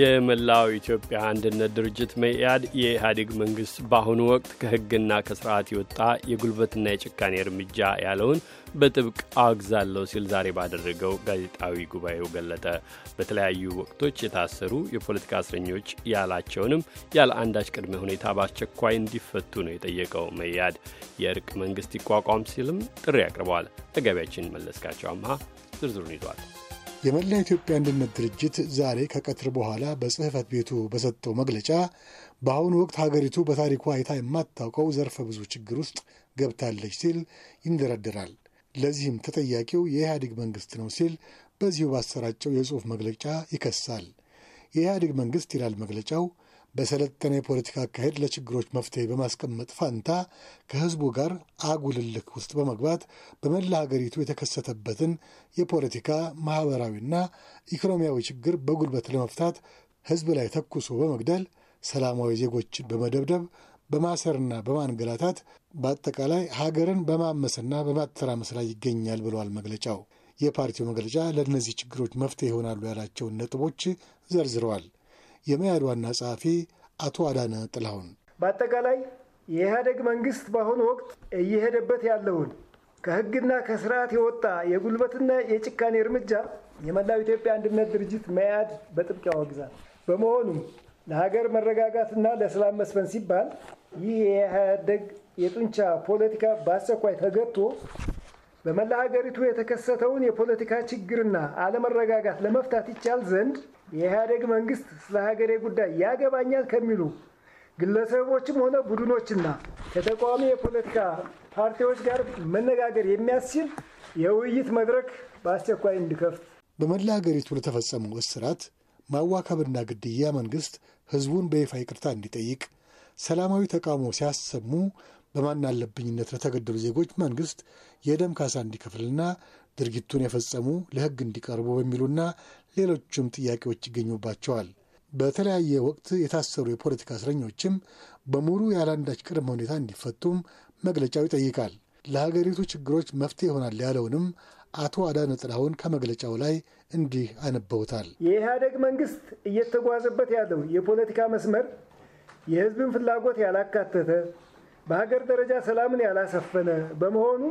የመላው ኢትዮጵያ አንድነት ድርጅት መኢአድ የኢህአዴግ መንግስት በአሁኑ ወቅት ከህግና ከስርዓት የወጣ የጉልበትና የጭካኔ እርምጃ ያለውን በጥብቅ አወግዛለሁ ሲል ዛሬ ባደረገው ጋዜጣዊ ጉባኤው ገለጠ። በተለያዩ ወቅቶች የታሰሩ የፖለቲካ እስረኞች ያላቸውንም ያለ አንዳች ቅድመ ሁኔታ በአስቸኳይ እንዲፈቱ ነው የጠየቀው። መያድ የእርቅ መንግስት ይቋቋም ሲልም ጥሪ አቅርበዋል። ዘጋቢያችን መለስካቸው አምሃ ዝርዝሩን ይዟል። የመላ ኢትዮጵያ አንድነት ድርጅት ዛሬ ከቀትር በኋላ በጽህፈት ቤቱ በሰጠው መግለጫ በአሁኑ ወቅት ሀገሪቱ በታሪኳ አይታ የማታውቀው ዘርፈ ብዙ ችግር ውስጥ ገብታለች ሲል ይንደረደራል። ለዚህም ተጠያቂው የኢህአዴግ መንግስት ነው ሲል በዚሁ ባሰራጨው የጽሑፍ መግለጫ ይከሳል። የኢህአዴግ መንግስት ይላል መግለጫው በሰለጠነ የፖለቲካ አካሄድ ለችግሮች መፍትሄ በማስቀመጥ ፋንታ ከህዝቡ ጋር አጉልልክ ውስጥ በመግባት በመላ ሀገሪቱ የተከሰተበትን የፖለቲካ ማኅበራዊና ኢኮኖሚያዊ ችግር በጉልበት ለመፍታት ህዝብ ላይ ተኩሶ በመግደል ሰላማዊ ዜጎችን በመደብደብ በማሰርና በማንገላታት በአጠቃላይ ሀገርን በማመስና በማተራመስ ላይ ይገኛል ብለዋል መግለጫው። የፓርቲው መግለጫ ለእነዚህ ችግሮች መፍትሄ ይሆናሉ ያላቸውን ነጥቦች ዘርዝረዋል። የመያድ ዋና ጸሐፊ አቶ አዳነ ጥላሁን በአጠቃላይ የኢህአደግ መንግስት በአሁኑ ወቅት እየሄደበት ያለውን ከህግና ከስርዓት የወጣ የጉልበትና የጭካኔ እርምጃ የመላው ኢትዮጵያ አንድነት ድርጅት መያድ በጥብቅ ያወግዛል። በመሆኑም ለሀገር መረጋጋትና ለሰላም መስፈን ሲባል ይህ የኢህአደግ የጡንቻ ፖለቲካ በአስቸኳይ ተገቶ በመላ ሀገሪቱ የተከሰተውን የፖለቲካ ችግርና አለመረጋጋት ለመፍታት ይቻል ዘንድ የኢህአዴግ መንግስት ስለ ሀገሬ ጉዳይ ያገባኛል ከሚሉ ግለሰቦችም ሆነ ቡድኖችና ከተቃዋሚ የፖለቲካ ፓርቲዎች ጋር መነጋገር የሚያስችል የውይይት መድረክ በአስቸኳይ እንዲከፍት በመላ ሀገሪቱ ለተፈጸሙ እስራት፣ ማዋከብና ግድያ መንግስት ህዝቡን በይፋ ይቅርታ እንዲጠይቅ ሰላማዊ ተቃውሞ ሲያሰሙ በማን አለብኝነት ለተገደሉ ዜጎች መንግስት የደም ካሳ እንዲከፍልና ድርጊቱን የፈጸሙ ለህግ እንዲቀርቡ በሚሉና ሌሎችም ጥያቄዎች ይገኙባቸዋል። በተለያየ ወቅት የታሰሩ የፖለቲካ እስረኞችም በሙሉ ያለአንዳች ቅድመ ሁኔታ እንዲፈቱም መግለጫው ይጠይቃል። ለሀገሪቱ ችግሮች መፍትሄ ይሆናል ያለውንም አቶ አዳነ ጥላሁን ከመግለጫው ላይ እንዲህ አነበውታል። የኢህአደግ መንግስት እየተጓዘበት ያለው የፖለቲካ መስመር የህዝብን ፍላጎት ያላካተተ በሀገር ደረጃ ሰላምን ያላሰፈነ በመሆኑ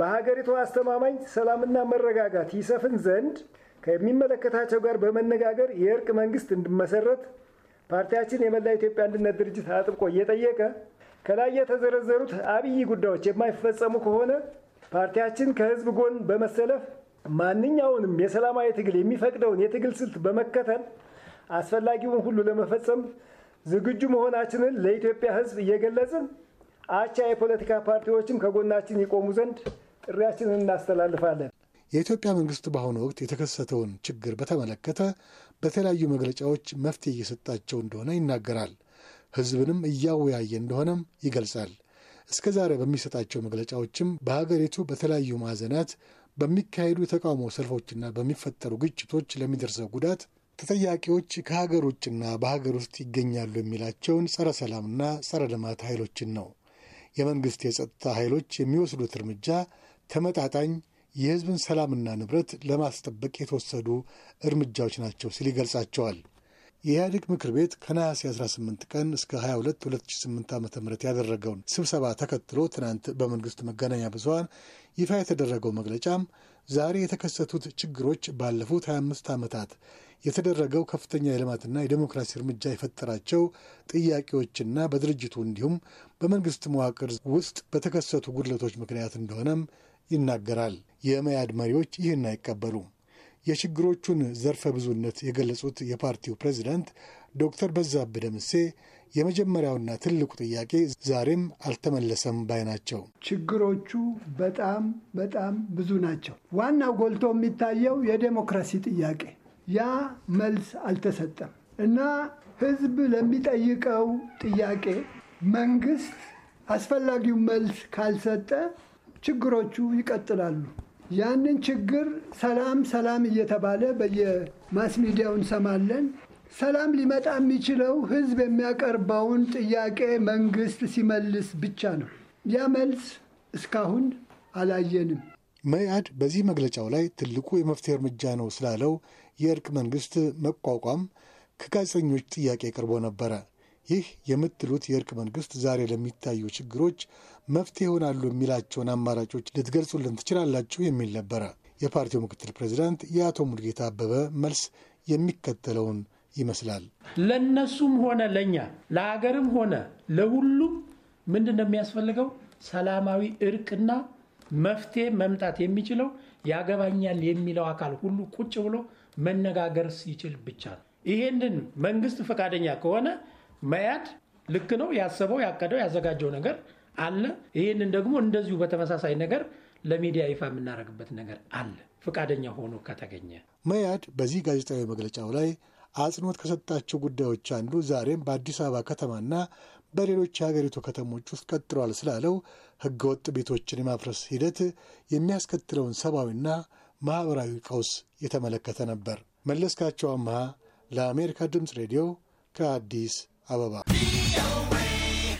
በሀገሪቱ አስተማማኝ ሰላምና መረጋጋት ይሰፍን ዘንድ ከሚመለከታቸው ጋር በመነጋገር የእርቅ መንግስት እንዲመሰረት ፓርቲያችን የመላ ኢትዮጵያ አንድነት ድርጅት አጥብቆ እየጠየቀ ከላይ የተዘረዘሩት አብይ ጉዳዮች የማይፈጸሙ ከሆነ ፓርቲያችን ከህዝብ ጎን በመሰለፍ ማንኛውንም የሰላማዊ ትግል የሚፈቅደውን የትግል ስልት በመከተል አስፈላጊውን ሁሉ ለመፈጸም ዝግጁ መሆናችንን ለኢትዮጵያ ህዝብ እየገለጽን አቻ የፖለቲካ ፓርቲዎችም ከጎናችን ይቆሙ ዘንድ ጥሪያችንን እናስተላልፋለን። የኢትዮጵያ መንግስት በአሁኑ ወቅት የተከሰተውን ችግር በተመለከተ በተለያዩ መግለጫዎች መፍትሄ እየሰጣቸው እንደሆነ ይናገራል። ህዝብንም እያወያየ እንደሆነም ይገልጻል። እስከ ዛሬ በሚሰጣቸው መግለጫዎችም በሀገሪቱ በተለያዩ ማዕዘናት በሚካሄዱ የተቃውሞ ሰልፎችና በሚፈጠሩ ግጭቶች ለሚደርሰው ጉዳት ተጠያቂዎች ከሀገር ውጭና በሀገር ውስጥ ይገኛሉ የሚላቸውን ጸረ ሰላምና ጸረ ልማት ኃይሎችን ነው። የመንግስት የጸጥታ ኃይሎች የሚወስዱት እርምጃ ተመጣጣኝ የህዝብን ሰላምና ንብረት ለማስጠበቅ የተወሰዱ እርምጃዎች ናቸው ሲል ይገልጻቸዋል። የኢህአዴግ ምክር ቤት ከነሐሴ 18 ቀን እስከ 22 2008 ዓ ም ያደረገውን ስብሰባ ተከትሎ ትናንት በመንግስት መገናኛ ብዙሀን ይፋ የተደረገው መግለጫም ዛሬ የተከሰቱት ችግሮች ባለፉት 25 ዓመታት የተደረገው ከፍተኛ የልማትና የዴሞክራሲ እርምጃ የፈጠራቸው ጥያቄዎችና በድርጅቱ እንዲሁም በመንግስት መዋቅር ውስጥ በተከሰቱ ጉድለቶች ምክንያት እንደሆነም ይናገራል። የመያድ መሪዎች ይህን አይቀበሉም። የችግሮቹን ዘርፈ ብዙነት የገለጹት የፓርቲው ፕሬዚዳንት ዶክተር በዛብህ ደምሴ የመጀመሪያውና ትልቁ ጥያቄ ዛሬም አልተመለሰም ባይ ናቸው። ችግሮቹ በጣም በጣም ብዙ ናቸው። ዋናው ጎልቶ የሚታየው የዴሞክራሲ ጥያቄ ያ መልስ አልተሰጠም እና ህዝብ ለሚጠይቀው ጥያቄ መንግስት አስፈላጊው መልስ ካልሰጠ ችግሮቹ ይቀጥላሉ። ያንን ችግር ሰላም ሰላም እየተባለ በየማስ ሚዲያው እንሰማለን። ሰላም ሊመጣ የሚችለው ህዝብ የሚያቀርበውን ጥያቄ መንግስት ሲመልስ ብቻ ነው። ያ መልስ እስካሁን አላየንም። መኢአድ በዚህ መግለጫው ላይ ትልቁ የመፍትሄ እርምጃ ነው ስላለው የእርቅ መንግስት መቋቋም ከጋዜጠኞች ጥያቄ ቀርቦ ነበረ። ይህ የምትሉት የእርቅ መንግስት ዛሬ ለሚታዩ ችግሮች መፍትሄ ይሆናሉ የሚላቸውን አማራጮች ልትገልጹልን ትችላላችሁ የሚል ነበረ። የፓርቲው ምክትል ፕሬዚዳንት የአቶ ሙድጌታ አበበ መልስ የሚከተለውን ይመስላል። ለነሱም ሆነ ለእኛ ለሀገርም ሆነ ለሁሉም ምንድን ነው የሚያስፈልገው? ሰላማዊ እርቅና መፍትሄ መምጣት የሚችለው ያገባኛል የሚለው አካል ሁሉ ቁጭ ብሎ መነጋገር ሲችል ብቻ ነው። ይሄንን መንግስት ፈቃደኛ ከሆነ መያድ ልክ ነው። ያሰበው ያቀደው ያዘጋጀው ነገር አለ። ይህንን ደግሞ እንደዚሁ በተመሳሳይ ነገር ለሚዲያ ይፋ የምናደርግበት ነገር አለ፣ ፈቃደኛ ሆኖ ከተገኘ። መያድ በዚህ ጋዜጣዊ መግለጫው ላይ አጽንኦት ከሰጣቸው ጉዳዮች አንዱ ዛሬም በአዲስ አበባ ከተማና በሌሎች የሀገሪቱ ከተሞች ውስጥ ቀጥሏል ስላለው ህገወጥ ቤቶችን የማፍረስ ሂደት የሚያስከትለውን ሰብአዊና ማኅበራዊ ቀውስ የተመለከተ ነበር። መለስካቸው አምሃ ለአሜሪካ ድምፅ ሬዲዮ ከአዲስ አበባ